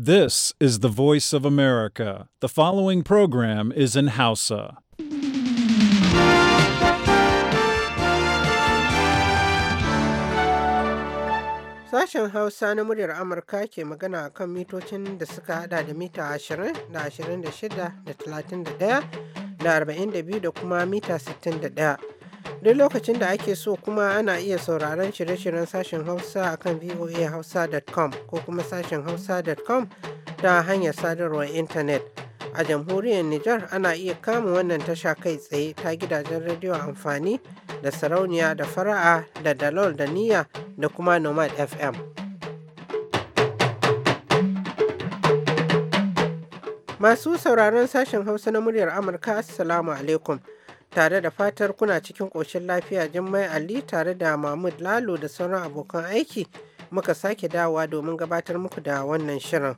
This is the voice of America. The following program is in Hausa. Sashen Hausa na muryar Amurka ke magana kan mitocin da suka hada da mita 20 da 26 da 31 da 42 da kuma mita 61. Duk lokacin da ake so kuma ana iya sauraron shirye-shiryen sashen Hausa akan voahausa.com ko kuma sashen hausa.com ta hanyar sadarwar intanet. A jamhuriyar Nijar ana iya kama wannan tasha kai tsaye ta gidajen rediyo amfani da sarauniya da fara'a da dalol da niyya da kuma nomad FM. Masu sauraron sashen Hausa na muryar Amurka, Assalamu alaikum. tare da fatar kuna cikin ƙoshin lafiya Jummai Ali tare da Mahmud Lalo da sauran abokan aiki muka sake dawa domin gabatar muku da wannan shirin.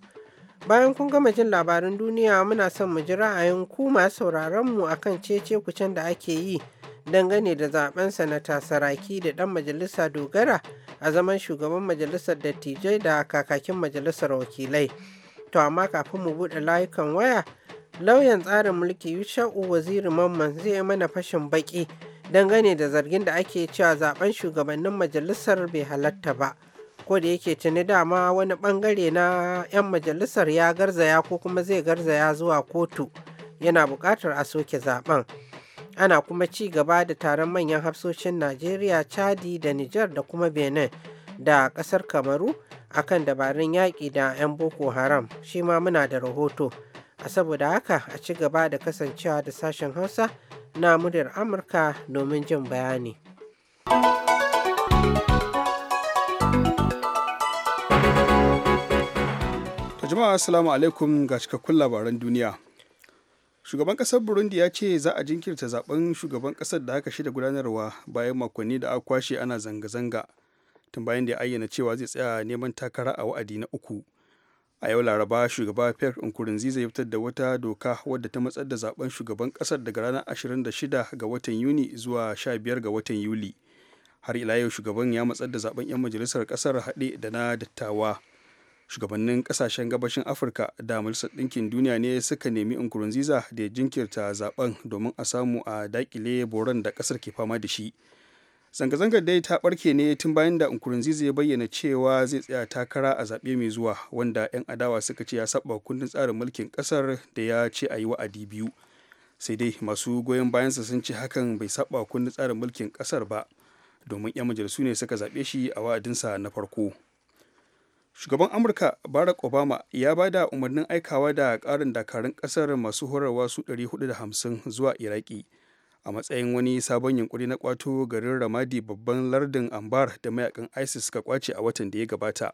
Bayan kun gama jin labarin duniya muna son mu ji ra'ayin ku masu sauraron mu akan cece kucen da ake yi dangane da zaben sanata saraki da dan majalisa dogara a zaman shugaban majalisar dattijai da kakakin majalisar wakilai. To amma kafin mu buɗe layukan waya lauyan tsarin mulki yusha'u waziri mamman zai yi mana fashin baki dangane da zargin da ake cewa zaben shugabannin majalisar bai halatta ba ko da yake tuni dama wani bangare na 'yan majalisar ya garzaya ko kuma zai garzaya zuwa kotu yana buƙatar a soke zaben ana kuma ci gaba da taron manyan hafsoshin najeriya chadi da nijar da kuma benin da ƙasar kamaru akan dabarun yaƙi da 'yan boko haram shi ma muna da rahoto a saboda haka a ci gaba da kasancewa da sashen hausa na muryar amurka domin jin bayani jama'a assalamu alaikum ga cikakkun labaran duniya shugaban kasar burundi ya ce za a jinkirta zaben shugaban kasar da aka shida gudanarwa bayan makonni da aka kwashe ana zanga-zanga tun bayan da ya ayyana cewa zai tsaya neman takara a wa'adi na uku a yau laraba shugaba pierre nkurunziza ya fitar da wata doka wadda ta matsar da zaben shugaban kasar daga ranar 26 ga watan yuni zuwa 15 ga watan yuli har ila yau shugaban ya matsar da zaben 'yan majalisar kasar haɗe da na dattawa shugabannin kasashen gabashin afirka da majalisar ɗinkin duniya ne suka nemi nkurunziza da ya jinkirta zaben domin a samu a dakile boron da kasar ke fama da shi zanga-zangar dai ta barke ne tun bayan da nkurunziza ya bayyana cewa zai tsaya takara a zaɓe mai zuwa wanda 'yan adawa suka ce ya saba kundin tsarin mulkin ƙasar da ya ce a yi wa'adi biyu sai dai masu goyon bayansa sun ce hakan bai saba kundin tsarin mulkin ƙasar ba domin 'yan majalisu ne suka zaɓe shi a wa'adinsa na farko shugaban amurka barack obama ya ba da umarnin aikawa da ƙarin dakarun ƙasar masu horarwa su 450 zuwa iraki a matsayin wani sabon yunkuri na kwato garin ramadi babban lardin ambar da mayakan isis suka kwace a watan da ya gabata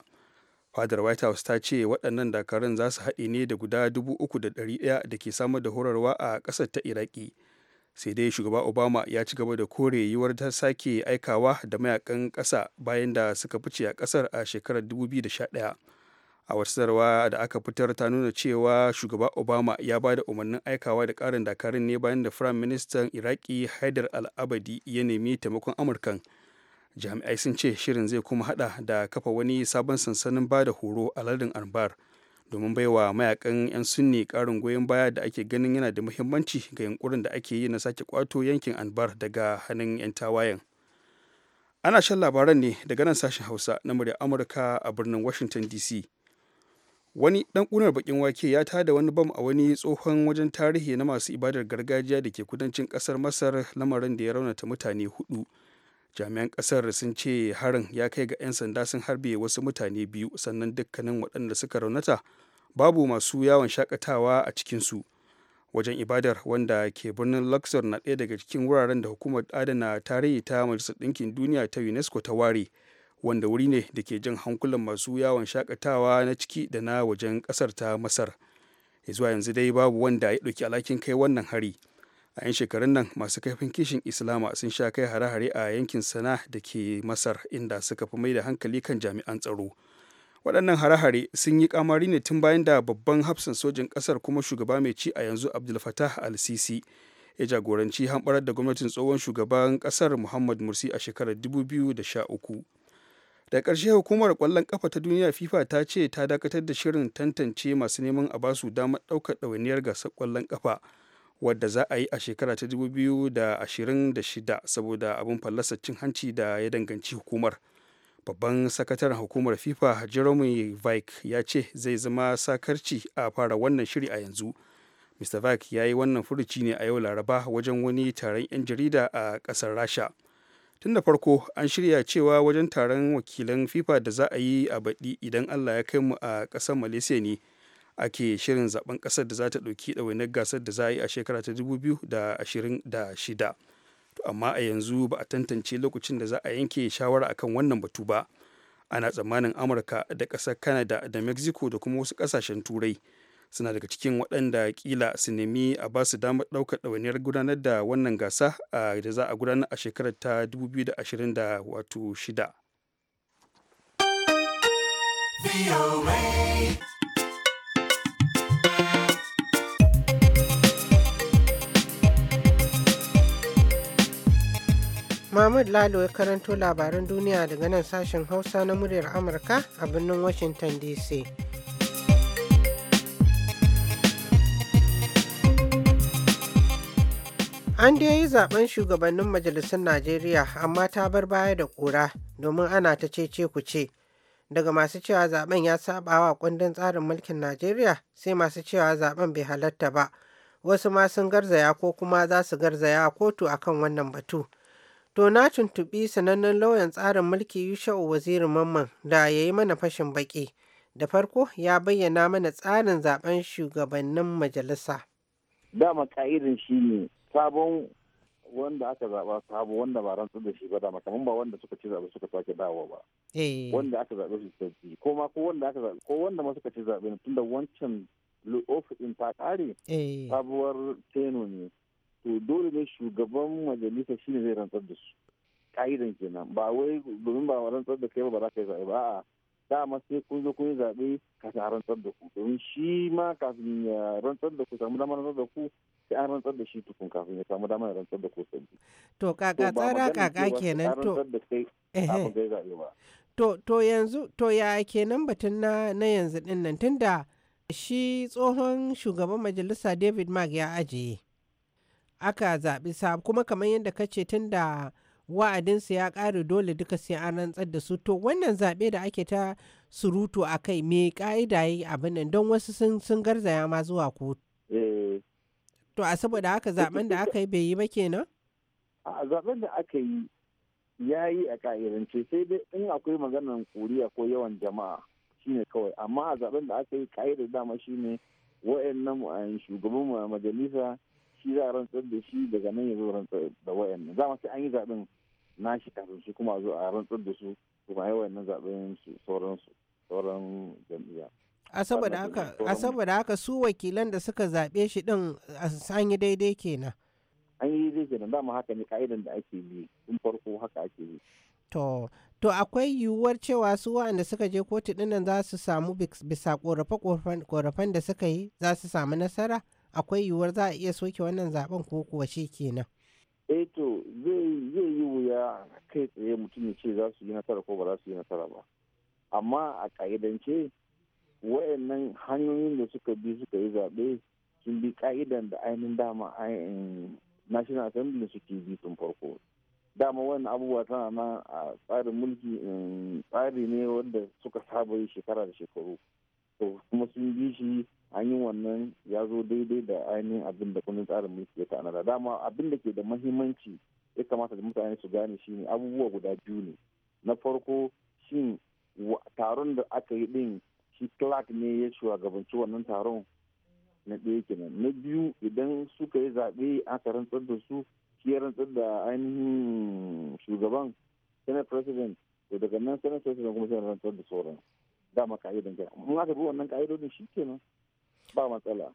fadar white house ta ce waɗannan dakarun za su haɗe ne da guda 3,100 da ke samar da horarwa a ƙasar ta iraki sai dai shugaba obama ya ci gaba da kore yiwuwar ta sake aikawa da mayakan ƙasa bayan da suka fice a ƙasar a shekarar 2011 a wasarwa da aka fitar ta nuna cewa shugaba obama ya ba da umarnin aikawa da karin dakarun ne bayan da firayim ministan iraki haidar al'abadi ya nemi taimakon amurkan jami'ai sun ce shirin zai kuma hada da kafa wani sabon sansanin ba da horo a lardin anbar domin baiwa mayakan 'yan sunni karin goyon baya da ake ganin yana da muhimmanci ga yankurin da ake yi na sake kwato yankin anbar daga hannun 'yan tawayen ana shan labaran ne daga nan sashen hausa na murya amurka a birnin washington dc wani dan kunar bakin wake ya tada wani bam a wani tsohon wajen tarihi na masu ibadar gargajiya da ke kudancin kasar masar lamarin da ya raunata mutane hudu jami'an kasar sun ce harin ya kai ga 'yan sanda sun harbe wasu mutane biyu sannan dukkanin waɗanda suka raunata babu masu yawon shakatawa a cikinsu wajen ibadar wanda ke birnin luxor na ɗaya daga cikin wuraren da hukumar adana tarihi ta majalisar ɗinkin duniya ta unesco ta ware wanda wuri ne da ke jan hankulan masu yawon shakatawa na ciki da na wajen kasar ta masar zuwa yanzu dai babu wanda ya ɗauki alhakin kai wannan hari a 'yan shekarun nan masu kaifin kishin islama sun sha kai hare-hare a yankin sana da ke masar inda suka fi mai da hankali kan jami'an tsaro waɗannan hare-hare sun yi kamari ne tun bayan da babban hafsan sojin ƙasar kuma shugaba mai ci a yanzu abdul fatah al-sisi ya jagoranci hamɓarar da gwamnatin tsohon shugaban ƙasar muhammad mursi a shekarar 2013 da ƙarshe hukumar ƙwallon ƙafa ta duniya fifa ta ce ta dakatar da shirin tantance masu neman a basu damar ɗaukar ɗawainiyar gasar ƙwallon ƙafa wadda za a yi a shekara ta dubu biyu da da ashirin shida saboda abin fallasar cin hanci da ya danganci hukumar babban sakataren hukumar fifa jeremy vike ya ce zai zama sakarci a fara wannan shiri a yanzu mr vike ya yi wannan furuci ne a yau laraba wajen wani taron 'yan jarida a ƙasar rasha tun da farko an shirya cewa wajen taron wakilan fifa da za a yi a baɗi idan allah ya kai mu a ƙasar malaysia ne ake shirin zaben ƙasar da za ta ɗauki ɗawainar gasar da za a yi a shekara ta 2026 to amma a yanzu ba a tantance lokacin da za a yanke shawara akan wannan batu ba ana tsammanin amurka da ƙasar kanada da mexico da kuma wasu ƙasashen turai suna daga cikin waɗanda kila su nemi a ba su damar ɗaukar ɗawainiyar gudanar da wannan gasa da za a gudanar a shekarar ta 2026 Mahmud Lalo ya karanto labaran duniya daga nan sashen Hausa na muryar Amurka a birnin Washington DC. An da yi zaben shugabannin majalisar Najeriya amma ta bar baya da kura domin ana ta cece ku ce. Daga masu cewa zaben ya saba wa kundin tsarin mulkin Najeriya sai masu cewa zaben bai halatta ba. Wasu ma sun garzaya ko kuma za su garzaya a kotu akan wannan batu. To na tuntuɓi sanannen lauyan tsarin mulki Yusha'u Wazirin Mamman da ya yi mana fashin baƙi. Da farko ya bayyana mana tsarin zaben shugabannin majalisa. Dama ka'irin shi ne sabon wanda aka zaba sabo wanda ba rantsar da shi ba da makaman ba wanda suka ci zaɓe suka sake dawo ba eh. wanda aka zaɓe su sarki ko ma ko wanda aka zaɓe ko wanda ma suka ci zaɓe tun da wancan ofisin ta ƙare eh. sabuwar teno ne to dole ne shugaban majalisa shi ne zai rantsar da su ka'idan kenan ba wai domin ba rantsar da kai ba za ka yi zaɓe ba a'a dama sai kun zo kun yi zaɓe ka a rantsar da ku domin shi ma kafin ya rantsar da ku samu damar rantsar da ku sai an rantsar da shi tukun kafin ya samu damar rantsar da to kaka tsara kaka kenan to to yanzu to ya kenan batun na na yanzu din nan tunda shi tsohon shugaban majalisa David Mark ya ajiye aka zaɓi sa kuma kamar yadda ka ce tunda wa'adinsu ya ƙare dole duka sai an rantsar da su to wannan zaɓe da ake ta surutu a kai me ƙa'ida yi abin nan don wasu sun garzaya ma zuwa kotu. Eh, To a saboda haka zaben da aka yi bai yi ba kenan? A zaben da aka yi ya yi a ka'irance sai dai in akwai maganar kuriya ko yawan jama'a shine kawai amma a zaben da aka yi ka'idar dama shine wa'annan eh, shugaban majalisa shi za a rantsar da shi daga nan ya zo rantsar da wa'annan za sai an yi zaben nashi kafin shi kuma a zo a rantsar da su kuma yawan nan zaben sauran sauran jam'iyya. a saboda haka su wakilan da suka zaɓe shi ɗin, an yi daidai kenan an yi daidai kenan mu haka ne ka'idan da ake bi in farko haka ake yi to to akwai yiwuwar cewa su wa'anda suka je kotu ɗinnan, za su samu bisa korafan da suka yi za su samu nasara akwai yiwuwar za a iya soke wannan zaben ko kuwa shi kenan eh to zai yi wuya kai tsaye mutum ya ce za su yi nasara ko ba za su yi nasara ba amma a ƙa'idance wayannan hanyoyin da suka bi suka yi zaɓe sun bi ka'idan da ainihin dama national assembly suke bi tun farko dama wannan abubuwa tana nan a tsarin mulki tsari ne wanda suka saba yi shekara da shekaru to kuma sun bi shi an wannan ya zo daidai da ainihin abin da kundin tsarin mulki ya tanada dama abin da ke da mahimmanci ya kamata da mutane su gane shi ne abubuwa guda biyu ne na farko shin taron da aka yi din shi clark ne ya shugabanci wannan taron na ɗaya kenan na biyu idan suka yi zaɓe aka rantsar da su shi ya rantsar da ainihin shugaban senate president to daga nan senate president kuma sai rantsar da sauran dama ka'idan kenan in aka bi wannan ka'idodin shi kenan ba matsala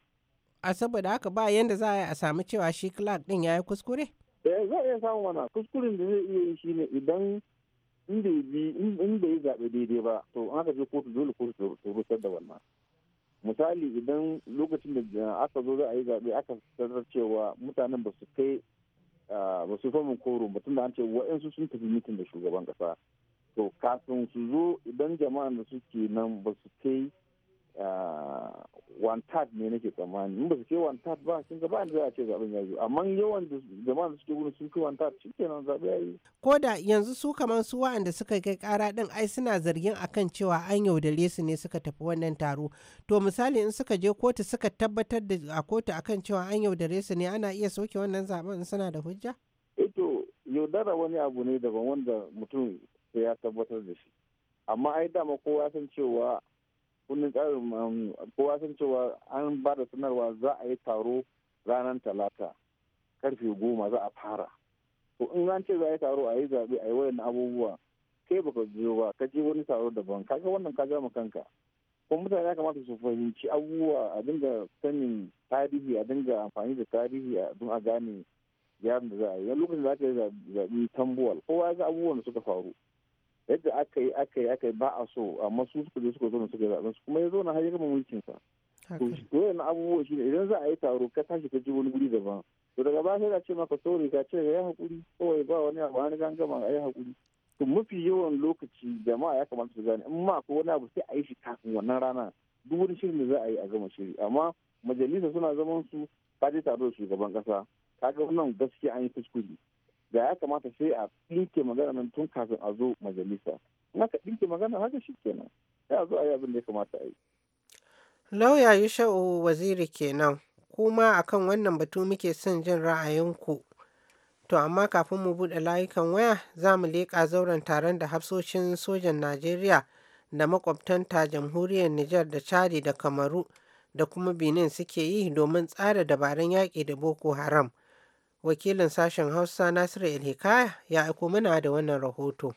a saboda haka ba yanda za a samu cewa shi clark din ya yi kuskure? eh za a iya samu mana kuskuren da zai iya yi shine idan in da bi in bai zaɓe daidai ba to an aka je kotu dole kotu ta rusar da wannan misali idan lokacin da aka zo za a yi zaɓe aka sanar cewa mutanen ba su kai ba su famin koro mutum da an ce waɗansu sun tafi mutum da shugaban ƙasa to kafin su zo idan jama'an da suke nan ba su kai Uh, one third ne nake tsammani in ba su ce one third ba sun gaba za a ce zaben ya zo amma yawan jama'a da suke gudu sun fi one third shi nan zaɓe ya yi. ko da yanzu su kamar su wa'anda suka kai ƙara ɗin ai suna zargin akan cewa an yaudare su ne suka tafi wannan taro to misali in suka je kotu suka tabbatar da a kotu akan cewa an yaudare su ne ana iya sauke wannan zaben in suna da hujja. eto eh yaudara wani abu ne daban wanda mutum sai ya tabbatar da shi amma ai dama kowa san cewa kundin tsarin um, kowa san cewa an ba da sanarwa za a yi taro ranar talata karfe goma za a fara to in an ce za a yi taro a yi zaɓe a yi wayan abubuwa kai baka biyo ba ka je wani taro daban kaga wannan ka ma kanka ko mutane ya kamata su fahimci abubuwa a dinga sanin tarihi a dinga amfani da tarihi a don a gane yaron da za a yi lokacin da aka yi zaɓi tambuwal kowa ya ga abubuwan da suka faru yadda aka yi aka yi aka yi ba a so amma su suka je suka zo suka zaɓe su kuma ya zo har ya gama mulkin sa to shi to yana abubuwa shi ne idan za a yi taro ka tashi ka ji wani guri daban to daga ba sai ce maka sorry ka ce ya hakuri kawai ba wani abu an gan gama ai hakuri to mafi yawan lokaci jama'a ya kamata su gane in ma ko wani abu sai a yi shi kafin wannan rana duk wani shirin da za a yi a gama shiri amma majalisa suna zaman su ka je taro da shugaban kasa ka ga wannan gaskiya an yi kuskure da ya kamata sai a ɗinke magana nan tun kafin a zo majalisa na ka ɗinke magana haka shi kenan sai a zo a yi abin da ya kamata a yi. lauya yusha'u waziri kenan kuma akan wannan batu muke son jin ra'ayinku to amma kafin mu buɗe layukan waya za mu leƙa zauren taron da hafsoshin sojan najeriya da makwabtanta jamhuriyar nijar da chadi da kamaru da kuma benin suke yi domin tsara dabarun yaƙi da boko haram wakilin sashen hausa nasiru ilhikaya ya aiko mana da wannan rahoto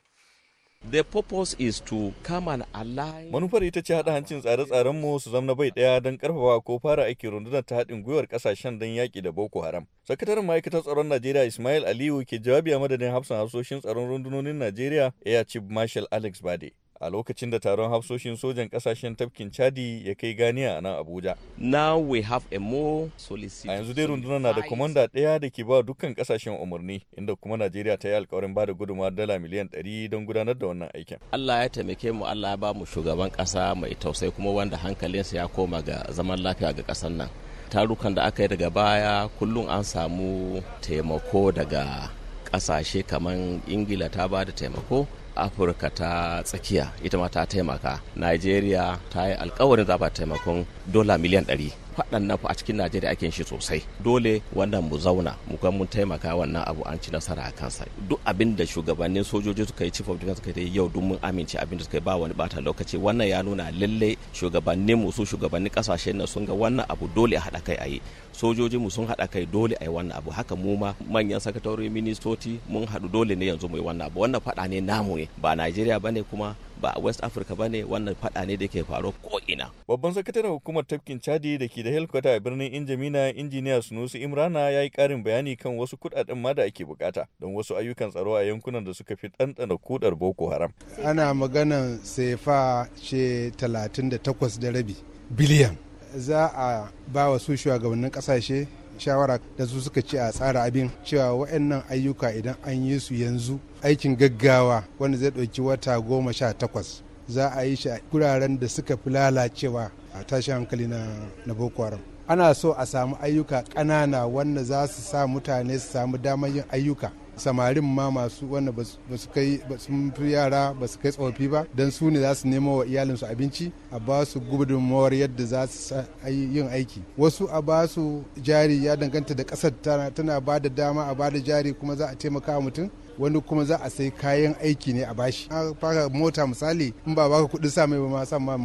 The purpose is to come and align. Manufar ita ce haɗa hancin tsare-tsaren mu su zama bai ɗaya don ƙarfafa ko fara aikin rundunar ta haɗin gwiwar ƙasashen don yaƙi da Boko Haram. Sakataren ma'aikatar tsaron Najeriya Ismail Aliyu ke jawabi a madadin hafsan hasoshin tsaron rundunonin Najeriya Air Chief Marshal Alex Bade. a lokacin da taron hafsoshin sojan kasashen tafkin Chadi ya kai ganiya a nan Abuja. Now we have a more A yanzu dai rundunar na da kwamanda ɗaya da ke ba dukkan kasashen umarni inda kuma Najeriya ta yi alkawarin ba da gudunmawar dala miliyan ɗari don gudanar da wannan aikin. Allah ya taimake mu Allah ya ba mu shugaban ƙasa mai tausayi kuma wanda hankalinsa ya koma ga zaman lafiya ga ƙasar nan. Tarukan da aka yi daga baya kullum an samu taimako daga ƙasashe kamar Ingila ta ba da taimako afirka ta tsakiya ita ma ta taimaka nigeria ta yi alkawarin za taimakon dola miliyan ɗari. faɗan nan a cikin najeriya ake shi sosai dole wannan mu zauna mu ga mun taimaka wannan abu an ci nasara a kansa duk abin da shugabannin sojoji suka yi chief of defense suka yi yau duk mun amince abin da suka yi ba wani bata lokaci wannan ya nuna lalle shugabannin mu su shugabannin kasashe na sun ga wannan abu dole a haɗa kai a yi sojoji mu sun haɗa kai dole a yi wannan abu haka mu ma manyan sakatori ministoci mun haɗu dole ne yanzu mu yi wannan abu wannan faɗa ne namu ne ba najeriya bane kuma ba a west africa ba wannan fada ne da ke faro ko ina babban sakataren hukumar tafkin chadi da ke da helkwata a birnin injamina injiniya sunusi imrana ya yi karin bayani kan wasu kudaden ma da ake bukata don wasu ayyukan tsaro a yankunan da suka fi ɗanɗana kudar boko haram ana maganan sefa ce 38 da rabi biliyan za a ba wa su shugabannin kasashe shawara da su suka ce a tsara abin cewa waɗannan ayyuka idan an yi su yanzu aikin gaggawa wanda zai ɗauki wata goma sha takwas za a yi shi a guraren da suka fi lalacewa a tashi hankali na boko haram ana so a samu ayyuka ƙanana wanda za su sa mutane su samu damar yin ayyuka samarin ma masu wanda ba su kai sun fi yara ba su kai tsofi ba don su ne za su nemo wa iyalinsu abinci a ba su gudunmawar yadda za su yin aiki wasu a ba su jari ya danganta da kasar tana ba da dama a ba da jari kuma za a taimaka mutum wani kuma za a sai kayan aiki ne a bashi a fara mota misali in ba baka kuɗin sa mai ba ma sa ma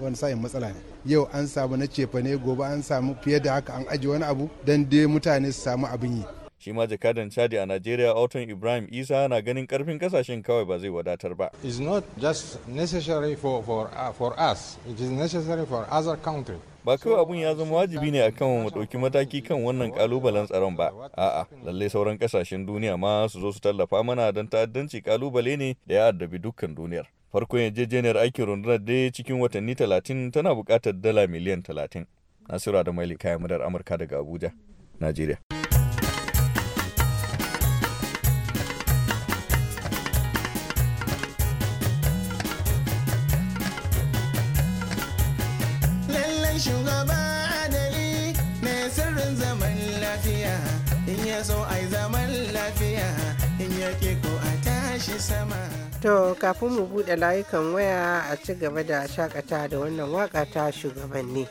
wani sa'in matsala ne yau an samu na cefane gobe an samu fiye da haka an aji wani abu don dai mutane su samu abin yi shi ma jakadan chadi a nigeria auton ibrahim isa na ganin karfin kasashen kawai ba zai wadatar ba is not just necessary for, for, uh, for for other countries ba kawai abun ya zama wajibi ne akan mu ɗauki mataki kan wannan kalubalen tsaron ba a'a lalle sauran kasashen duniya ma su zo su tallafa mana don ta'addanci kalubale ne da ya addabi dukkan duniyar farkon yarjejeniyar aikin rundunar dai cikin watanni talatin tana buƙatar dala miliyan talatin nasira da mai kayan murar amurka daga abuja najeriya shugaba adali mai sirrin zaman lafiya in ya so ai zaman lafiya in ya ke ko a tashi sama to kafin mu buɗe layukan waya a ci gaba da shakata da wannan waka ta shugabanni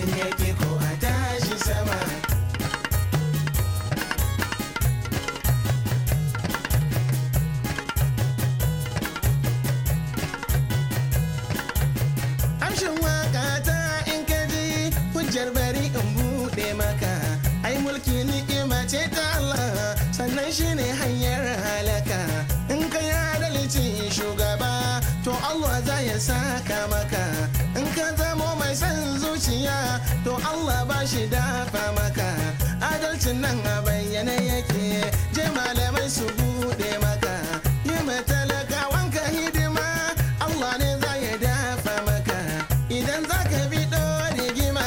in ya ke shi dafa maka adalcin nan a bayyane yake je malamai su bude maka yi matalaka wanka hidima Allah ne za ya dafa maka idan za ka bi ɗorigima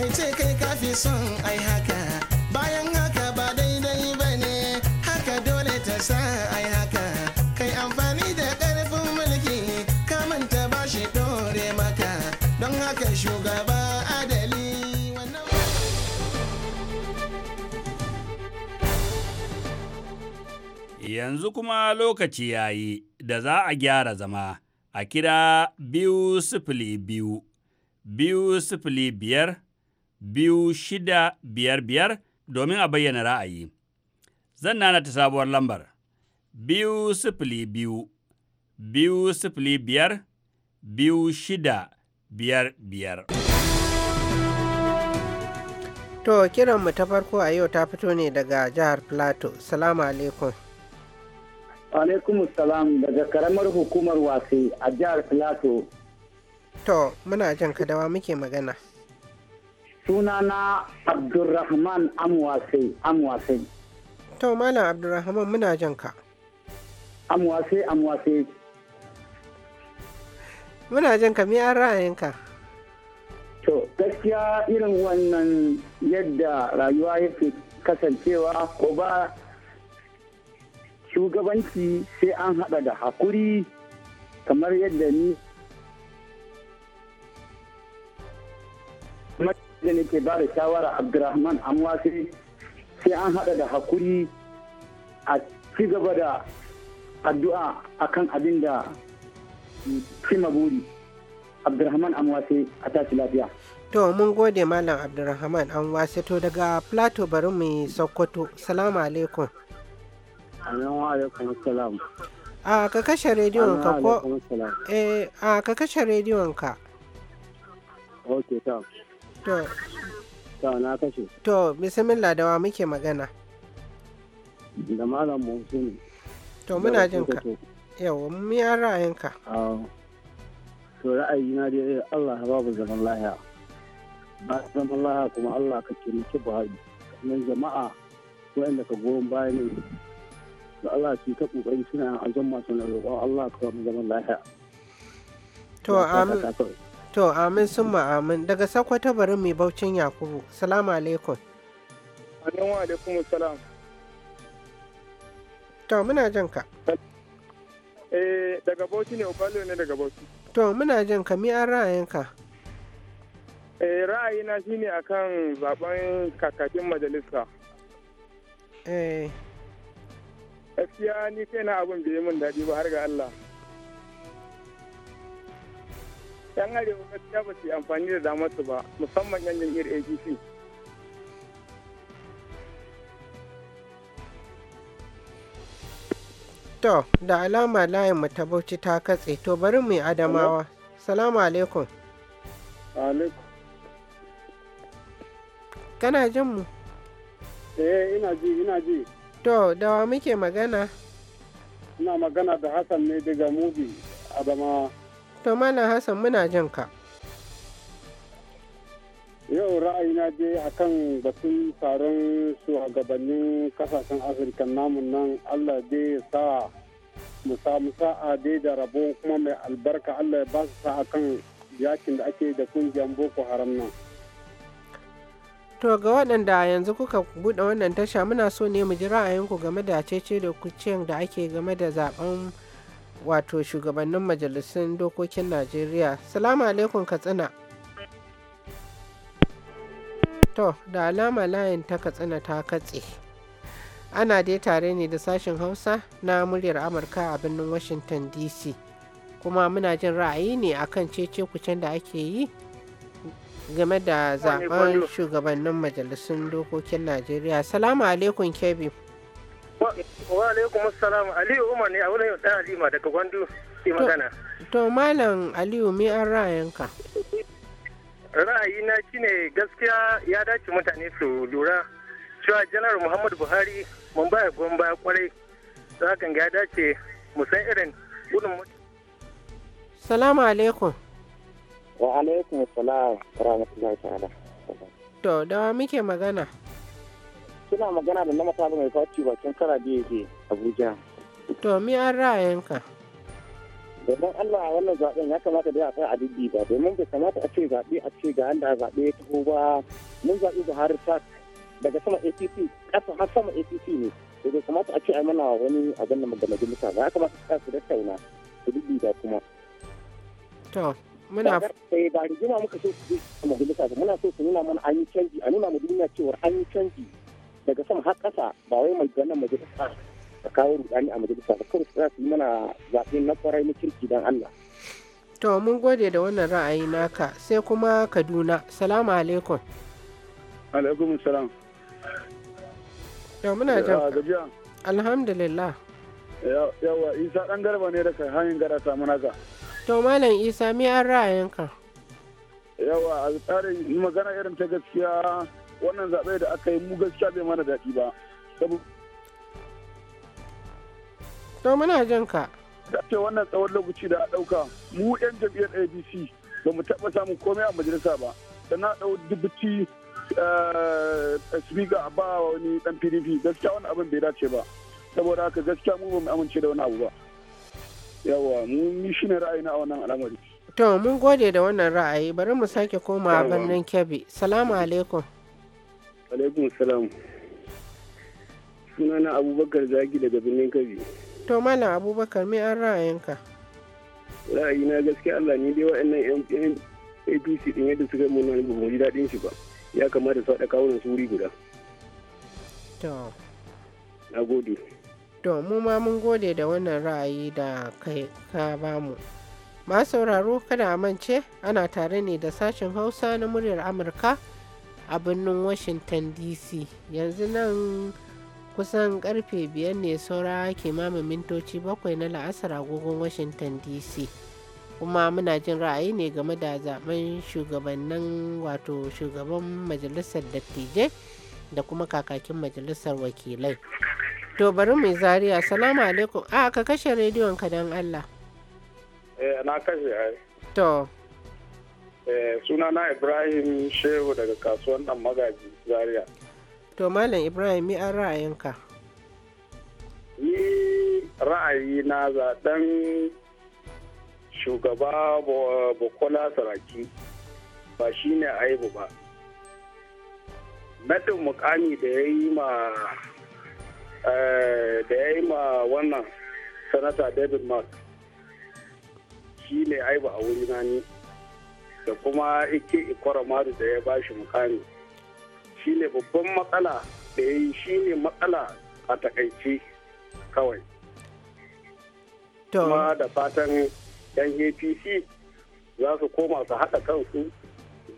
kai ce kai kafi son ai haka yanzu kuma lokaci ya yi da za a gyara zama a kira biyu sifili biyu, biyu sifili biyar, biyu shida biyar biyar domin a bayyana ra'ayi. Zan nana ta sabuwar lambar, biyu sifili biyu, biyu sifili biyar, biyu shida biyar biyar. To kiranmu ta farko a yau ta fito ne daga jihar Plateau. Salamu alaikum. alaikum salam daga karamar hukumar wasi a jihar plateau to muna jan kadawa muke magana sunana abdulrahman amwase amwase to malam abdulrahman muna jan ka amwase amwase muna jan ka an ra'ayinka to gaskiya irin wannan yadda rayuwa yake kasancewa ko ba shugabanci sai an haɗa da hakuri kamar yadda ni da nake ba da shawara abdurrahman amma sai an haɗa da hakuri a ci gaba da addu'a a kan abin da cima buri abdurrahman amwase a tashi lafiya to mun gode malam abdurrahman amwase to daga plateau bari mu sokoto salamu alaikum a ka kashe rediyon ka ko eh a ka kashe rediyon ka ok ta to na kashe to bismillah da wa muke magana da malam musu to muna jin ka Yau, eh, mu ya ra'ayinka to ra'ayi na dai Allah ha babu zaman lahiya ba zaman lahiya kuma Allah ka taimaki Buhari nan jama'a waɗanda ka goyon bayan ne to Allah su ta kokari suna a zan masu na roƙon Allah ka mu zaman lafiya to amin to amin sun amin daga sakwata bari mai baucin yakubu salamu alaikum alaikum wa alaikum salam to muna jin ka eh daga bauchi ne ubalo ne daga bauchi to muna jin ka mi an ra'ayin ka. eh ra'ayina shine akan zaben kakakin majalisa eh gaskiya ni kai na abin bai min daɗi ba har ga Allah yan arewa gaskiya ba su yi amfani da damar su ba musamman yan jam'iyyar APC To, da alama layin mu ta bauchi ta katse, to bari mu yi adamawa. Salamu alaikum. Alaikum. Kana jin mu? Eh, ina ji, ina ji. To, dawa muke magana? Ina magana da Hassan ne daga Mubi, adama. To, mana Hassan muna jin ka. Yau ra'ayi ra'ayina a kan batun taron shugabannin kasashen Afirka namun nan Allah dai sa musa musa sa'a dai da rabo kuma mai albarka Allah ya ba su sa a kan yakin da ake da kungiyar Boko Haram nan. To ga waɗanda yanzu kuka buɗe wannan tasha muna so ne mu ji ra'ayinku game da cece da kucin da ake game da zaben wato shugabannin majalisun dokokin Najeriya. Salamu alaikum Katsina. To da alama layin ta Katsina ta katse. Ana dai tare ne da sashen Hausa na muryar Amurka a birnin Washington DC. Kuma muna jin ra'ayi ne akan cece kucin da ake yi game da zaben shugabannin majalisun dokokin najeriya salamu alaikum kebi wa alaikum salam aliyu umar ne a wurin ɗan alima daga gwandu ke magana to malam aliyu me an ra'ayinka na shine gaskiya ya dace mutane su lura cewa janar muhammadu buhari mun baya gwamba baya kwarai hakan ya dace mu san irin gudun salamu alaikum wa alaikum salam rahmatullahi ta'ala to da muke magana kina magana da na mataba mai faci bakin kara da yake abuja to mi an ra'ayinka domin allah a wannan zaben ya kamata da ya kai adidi ba domin bai kamata a ce zaɓe a ce ga yadda zaɓe ya taho ba mun zaɓi buhari tak daga sama apc ƙasa har sama apc ne da bai kamata a ce a mana wani abin da majalisa ba ya kamata su su da su dubi ba kuma to muna eh ba rigima muka so su je majalisa ba muna so su nuna mana an yi canji a nuna mu duniya cewa an yi canji daga sama har kasa ba wai mai ganin majalisa ta kawo rudani a majalisa ba kawai za su yi mana zaɓe na kwarai na kirki don Allah. To mun gode da wannan ra'ayi naka sai kuma Kaduna. Salamu alaikum. Alaikum salam. To muna jan. Alhamdulillah. Yawa Isa ɗan garba ne da kai hanyar gara samu naka. To Malam Isa me an ra'ayinka? Yawa a tsarin magana irin ta gaskiya wannan zaɓe da aka yi mu gaskiya bai mana daɗi ba. To muna jin ka. ce wannan tsawon lokaci da a ɗauka mu 'yan jam'iyyar a.b.c ba mu taɓa samun komai a majalisa ba. Da na ɗau dubuci eh, a ba wani ɗan PDP gaskiya wani abin bai dace ba. Saboda haka gaskiya mu ba mu amince da wani abu ba. yawa mu shi ne ra'ayi na wannan al'amari to mun gode da wannan ra'ayi bari mu sake koma birnin kebbi salamu alaikum alaikum salam Suna na abubakar zagi daga birnin kebbi to mana abubakar mai an ra'ayinka ra'ayi na gaskiya allah ni dai wa'annan yan apc din yadda suka yi mun wani ji daɗin shi ba ya kamata su haɗa kawunan su wuri guda to na gode To mu ma mun gode da wannan ra'ayi da kai ka bamu. Ma sauraro kada a mance ana tare ne da sashen Hausa na muryar Amurka a birnin Washington DC. Yanzu nan kusan karfe biyar ne saura kimanin mintoci bakwai na la'asar agogon Washington DC. kuma muna jin ra'ayi ne game da zaben shugabannin wato shugaban majalisar dattijai da kuma kakakin majalisar wakilai. To bari mai zariya. Salamu alaikum. A ah, ka kashe rediyon ka don Allah. Eh na kashe ai. To. Eh suna na Ibrahim Shehu daga kasuwan dan magaji Zaria. To Malam Ibrahim mi an ra'ayinka? Ni ra'ayi na zaɓen shugaba Bukola Saraki ba shi ne aibu ba. Nadin mukami da ya yi ma Eh, da ya yi ma wannan sanata david mark shi ne aiba a wuri ni da kuma ike ikwara maru da ya ba shi mukami shi ne babban matsala da ya yi shi ne matsala a takaici kawai kuma da fatan yan apc za su koma su haɗa kansu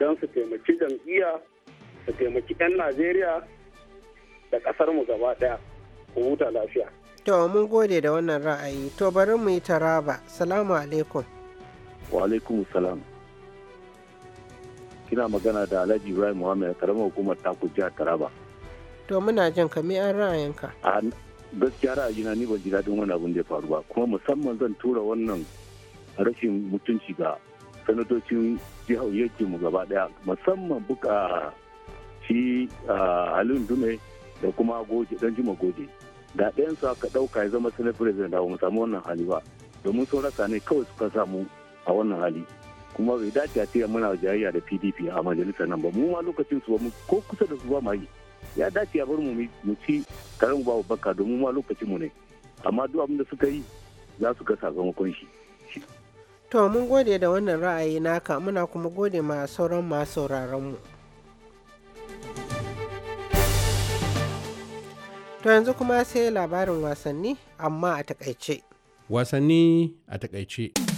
don su taimaki jam'iyya su taimaki 'yan najeriya da ƙasarmu gaba ɗaya huta lafiya to mun gode da wannan ra'ayi to bari mu yi taraba salamu alaikum wa alaikum salam kina magana da alhaji ibrahim muhammad karamar hukumar taku jiya taraba to muna jin ka mi an ra'ayinka a gaskiya ra'ayina ni ban ji daɗin wani abin da ya faru ba kuma musamman zan tura wannan rashin mutunci ga sanatocin jihar yankinmu mu gaba ɗaya musamman buka shi halin dume da kuma goje dan jima goje da ɗayan su aka ɗauka ya zama sanar president da mu samu wannan hali ba domin sun rasa ne kawai suka samu a wannan hali kuma bai dace a cewa muna jayayya da pdp a majalisar nan ba mu ma lokacin su ba mu ko kusa da su ba ma yi ya dace a bar mu mu ci karen ba baka domin ma lokacin mu ne amma duk abin da suka yi za su ga sakamakon shi To mun gode da wannan ra'ayi naka muna kuma gode ma sauran masu sauraron mu. To yanzu kuma sai labarin wasanni amma a takaice. Wasanni a takaice.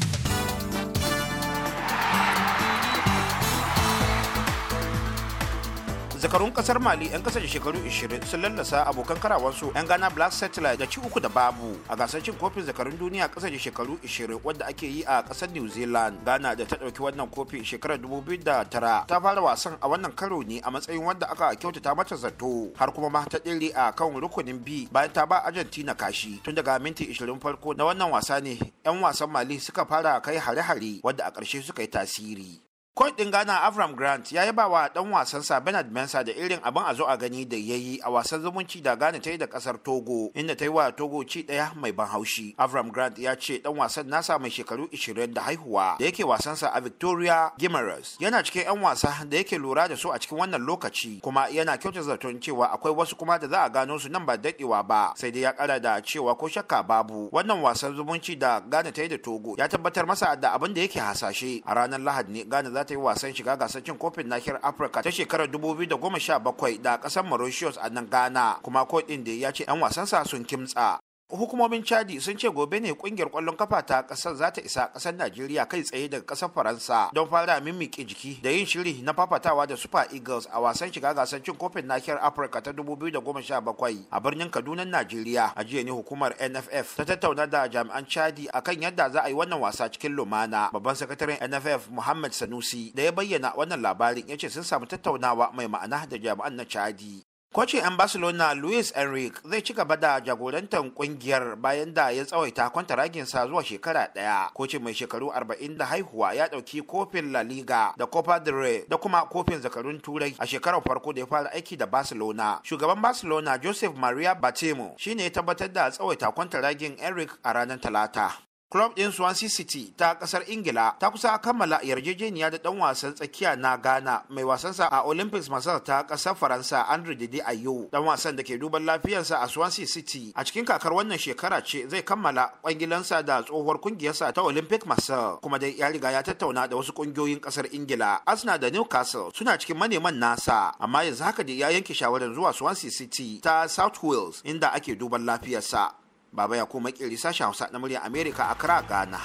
zakarun kasar mali 'yan kasance shekaru 20 sun lallasa abokan karawansu 'yan ghana black satellite da ci uku da babu a gasar cin kofin zakarun duniya kasance shekaru 20 wadda ake yi a kasar new zealand ghana da ta dauki wannan kofi shekarar 2009 ta fara wasan a wannan karo ne a matsayin wanda aka kyautata mata zato har kuma ma ta a kan rukunin b bayan ta ba argentina kashi tun daga minti 20 farko na wannan wasa ne 'yan wasan mali suka fara kai hare-hare wadda a karshe suka yi tasiri Coach ɗin Ghana Avram Grant ya yaba wa ɗan wasansa Bernard Mensah da irin abin a zo a gani da ya yi a wasan zumunci da Ghana ta yi da ƙasar Togo inda ta yi wa Togo ci ɗaya mai ban haushi. Avram Grant ya ce ɗan wasan nasa mai shekaru 20 da haihuwa da yake wasansa a Victoria Gimeras yana cikin 'yan wasa da yake lura da su a cikin wannan lokaci kuma yana kyauta zaton cewa akwai wasu kuma da za a gano su nan ba daɗewa ba sai dai ya ƙara da cewa ko shakka babu wannan wasan zumunci da Ghana ta yi da Togo ya tabbatar masa da abin da yake hasashe a ranar Lahadi ne Ghana za ta yi wasan shiga gasar cin kofin nahiyar afirka ta shekarar dubu biyu da sha bakwai da kasar mauritius a nan ghana kuma ko da ya ce 'yan wasansa sun kimtsa hukumomin chadi sun ce gobe ne kungiyar kwallon kafa ta kasar za ta isa kasar najeriya kai tsaye daga kasar faransa don fara mimmiƙe jiki da yin shiri na fafatawa da super eagles a wasan shiga gasar cin kofin nahiyar afirka ta 2017 a birnin kaduna najeriya a jiya ne hukumar nff ta tattauna da jami'an chadi akan yadda za a yi wannan wasa cikin lumana babban sakataren nff muhammad sanusi da ya bayyana wannan labarin ya ce sun samu tattaunawa mai ma'ana da jami'an na chadi Kocin 'yan Barcelona Luis Enrique zai ci gaba da jagorantar kungiyar bayan da ya tsawaita kwanta kwantaraginsa zuwa shekara ɗaya. Kocin mai shekaru 40 da haihuwa ya ɗauki kofin La Liga da Copa del Rey da kuma kofin zakarun Turai a shekarar farko da ya fara aiki da Barcelona. Shugaban Barcelona Joseph Maria Batemo shine ya tabbatar da tsawaita ragin Enrique a ranar Talata. Club ɗin Swansea City ta kasar Ingila ta kusa kammala yarjejeniya da dan wasan tsakiya na Ghana mai wasansa a Olympics Masar ta kasar Faransa Andre Didi Ayo. dan wasan da ke duban lafiyarsa a Swansea City a cikin kakar wannan shekara ce zai kammala kwangilansa da tsohuwar kungiyarsa ta Olympic Masar kuma dai ya riga ya tattauna da wasu kungiyoyin kasar Ingila. Arsenal da Newcastle suna cikin maneman nasa amma yanzu haka dai ya yanke shawarar zuwa Swansea City ta South Wales inda ake duban lafiyarsa. baba ya kuma kiri sashen hausa na murya a kira ghana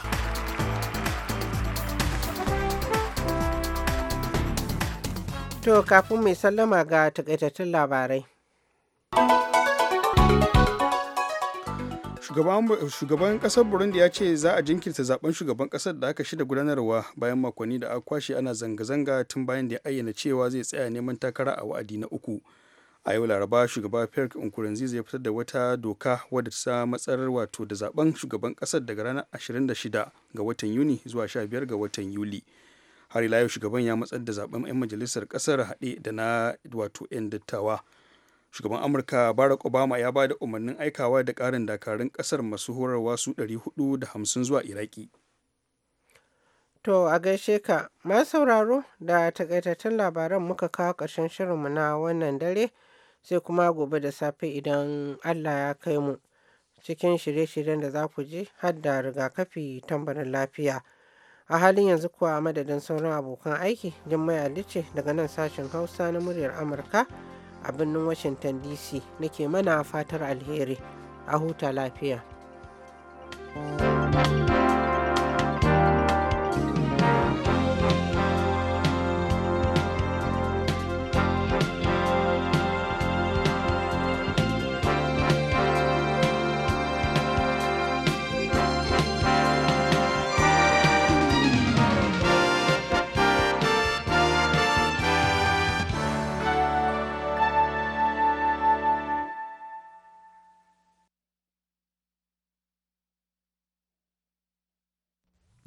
to kafin mai sallama ga takaitattun labarai shugaban kasar burundi ya ce za a jinkirta zaben shugaban kasar da aka shida gudanarwa bayan makonni da aka kwashe ana zanga-zanga tun bayan da ya ayyana cewa zai tsaya neman takara a wa'adi na uku a yau laraba shugaba pierre nkurunziza ya fitar da wata doka wadda ta sa matsar wato da zaben shugaban kasar daga ranar 26 ga watan yuni zuwa 15 ga watan yuli har ila yau shugaban ya matsar da zaben 'yan majalisar kasar haɗe da na wato 'yan dattawa shugaban amurka barack obama ya ba da umarnin aikawa da karin dakarun kasar masu horarwa su 450 zuwa iraki To a gaishe ka, masu sauraro da takaitattun labaran muka kawo ƙarshen shirinmu na wannan dare. sai kuma gobe da safe idan Allah ya kai mu cikin shirye-shiryen da za ku ji har da rigakafi tambarin lafiya. A halin yanzu kuwa a madadin sauran abokan aiki, Jummai Ali ce daga nan sashen Hausa na muryar Amurka a birnin Washington DC nake mana fatar alheri a huta lafiya. thank you